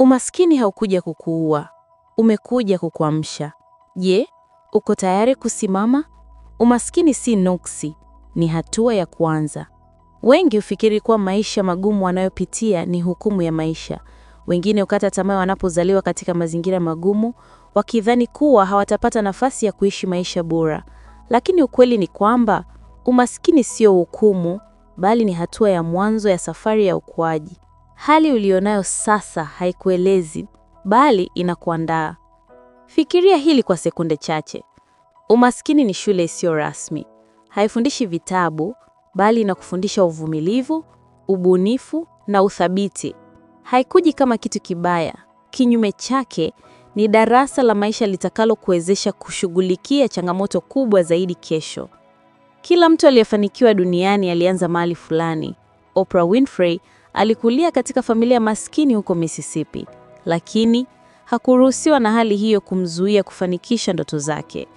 Umaskini haukuja kukuua, umekuja kukuamsha. Je, uko tayari kusimama? Umaskini si nuksi, ni hatua ya kwanza. Wengi hufikiri kuwa maisha magumu wanayopitia ni hukumu ya maisha. Wengine hukata tamaa wanapozaliwa katika mazingira magumu, wakidhani kuwa hawatapata nafasi ya kuishi maisha bora. Lakini ukweli ni kwamba umaskini sio hukumu, bali ni hatua ya mwanzo ya safari ya ukuaji. Hali ulionayo sasa haikuelezi, bali inakuandaa. Fikiria hili kwa sekunde chache. Umaskini ni shule isiyo rasmi. Haifundishi vitabu, bali inakufundisha uvumilivu, ubunifu na uthabiti. Haikuji kama kitu kibaya. Kinyume chake, ni darasa la maisha litakalokuwezesha kushughulikia changamoto kubwa zaidi kesho. Kila mtu aliyefanikiwa duniani alianza mahali fulani. Oprah Winfrey Alikulia katika familia maskini huko Mississippi, lakini hakuruhusiwa na hali hiyo kumzuia kufanikisha ndoto zake.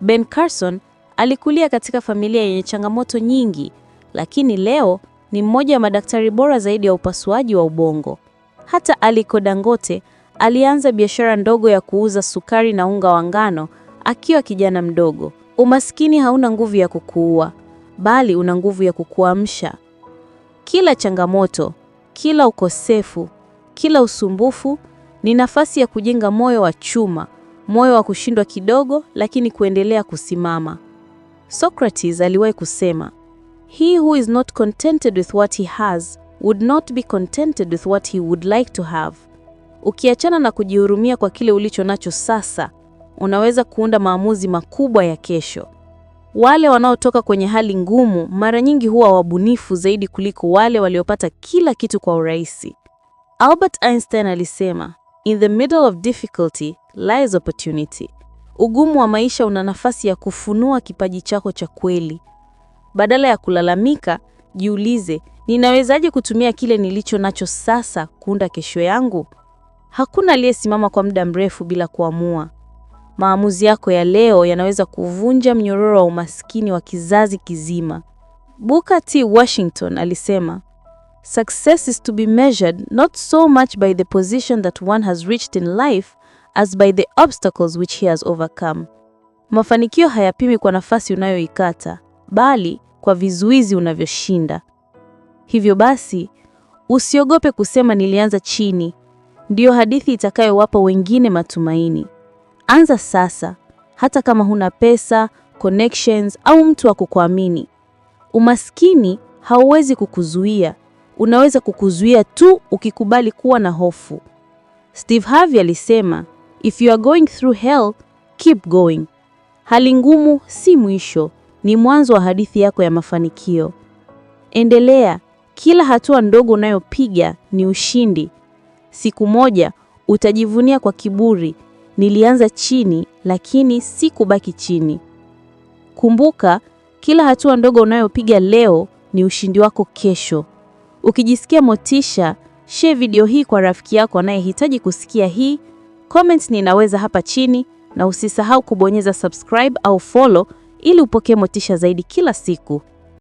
Ben Carson alikulia katika familia yenye changamoto nyingi, lakini leo ni mmoja wa madaktari bora zaidi ya upasuaji wa ubongo. Hata Aliko Dangote alianza biashara ndogo ya kuuza sukari na unga wa ngano akiwa kijana mdogo. Umaskini hauna nguvu ya kukuua, bali una nguvu ya kukuamsha. Kila changamoto, kila ukosefu, kila usumbufu ni nafasi ya kujenga moyo wa chuma, moyo wa kushindwa kidogo lakini kuendelea kusimama. Socrates aliwahi kusema, He who is not contented with what he has would not be contented with what he would like to have. Ukiachana na kujihurumia kwa kile ulicho nacho sasa, unaweza kuunda maamuzi makubwa ya kesho. Wale wanaotoka kwenye hali ngumu mara nyingi huwa wabunifu zaidi kuliko wale waliopata kila kitu kwa urahisi. Albert Einstein alisema, In the middle of difficulty lies opportunity. Ugumu wa maisha una nafasi ya kufunua kipaji chako cha kweli. Badala ya kulalamika, jiulize, ninawezaje kutumia kile nilicho nacho sasa kuunda kesho yangu? Hakuna aliyesimama kwa muda mrefu bila kuamua maamuzi yako ya leo yanaweza kuvunja mnyororo wa umaskini wa kizazi kizima. Booker T. Washington alisema, Success is to be measured not so much by the position that one has reached in life as by the obstacles which he has overcome. Mafanikio hayapimi kwa nafasi unayoikata, bali kwa vizuizi unavyoshinda. Hivyo basi, usiogope kusema nilianza chini. Ndiyo hadithi itakayowapa wengine matumaini. Anza sasa, hata kama huna pesa, connections au mtu wa kukuamini. Umaskini hauwezi kukuzuia, unaweza kukuzuia tu ukikubali kuwa na hofu. Steve Harvey alisema, if you are going through hell, keep going. Hali ngumu si mwisho, ni mwanzo wa hadithi yako ya mafanikio. Endelea, kila hatua ndogo unayopiga ni ushindi. Siku moja utajivunia kwa kiburi Nilianza chini lakini si kubaki chini. Kumbuka, kila hatua ndogo unayopiga leo ni ushindi wako kesho. Ukijisikia motisha, share video hii kwa rafiki yako anayehitaji kusikia hii. Comment ninaweza hapa chini na usisahau kubonyeza subscribe au follow ili upokee motisha zaidi kila siku.